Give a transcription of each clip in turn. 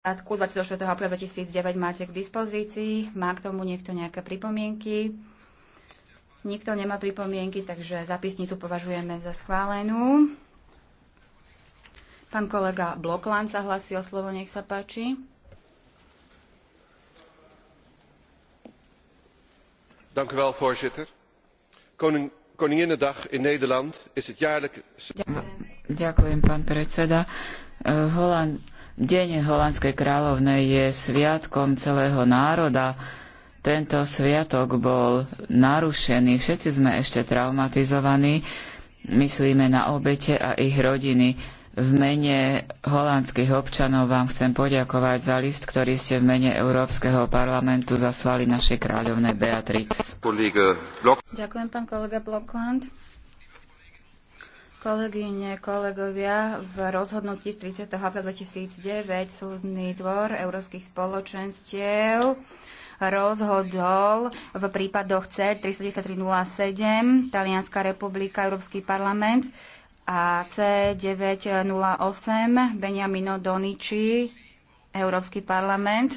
krátku 24. apríla 2009 máte k dispozícii. Má k tomu niekto nejaké pripomienky? Nikto nemá pripomienky, takže zapisnicu považujeme za schválenú. Pán kolega Bloklan sa hlasí o slovo, nech sa páči. Dank u wel, voorzitter. Koning, Koninginnedag in Nederland is het Ďakujem, pán predseda. Eh, Holand, Deň holandskej kráľovnej je sviatkom celého národa. Tento sviatok bol narušený, všetci sme ešte traumatizovaní, myslíme na obete a ich rodiny. V mene holandských občanov vám chcem poďakovať za list, ktorý ste v mene Európskeho parlamentu zaslali našej kráľovnej Beatrix. Ďakujem, pán kolega Blokland. Kolegyne, kolegovia, v rozhodnutí z 30. apríla 2009 súdny dvor európskych spoločenstiev rozhodol v prípadoch C 39307 Talianská republika, Európsky parlament a C 908 Beniamino Doniči, Európsky parlament.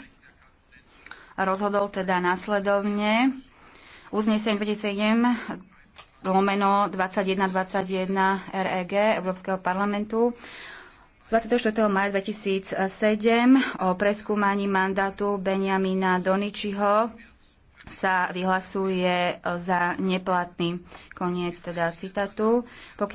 Rozhodol teda následovne uznesenie 27 lomeno 2121 REG Európskeho parlamentu z 24. maja 2007 o preskúmaní mandátu Benjamina Doničiho sa vyhlasuje za neplatný. Koniec teda citatu. Pokiaľ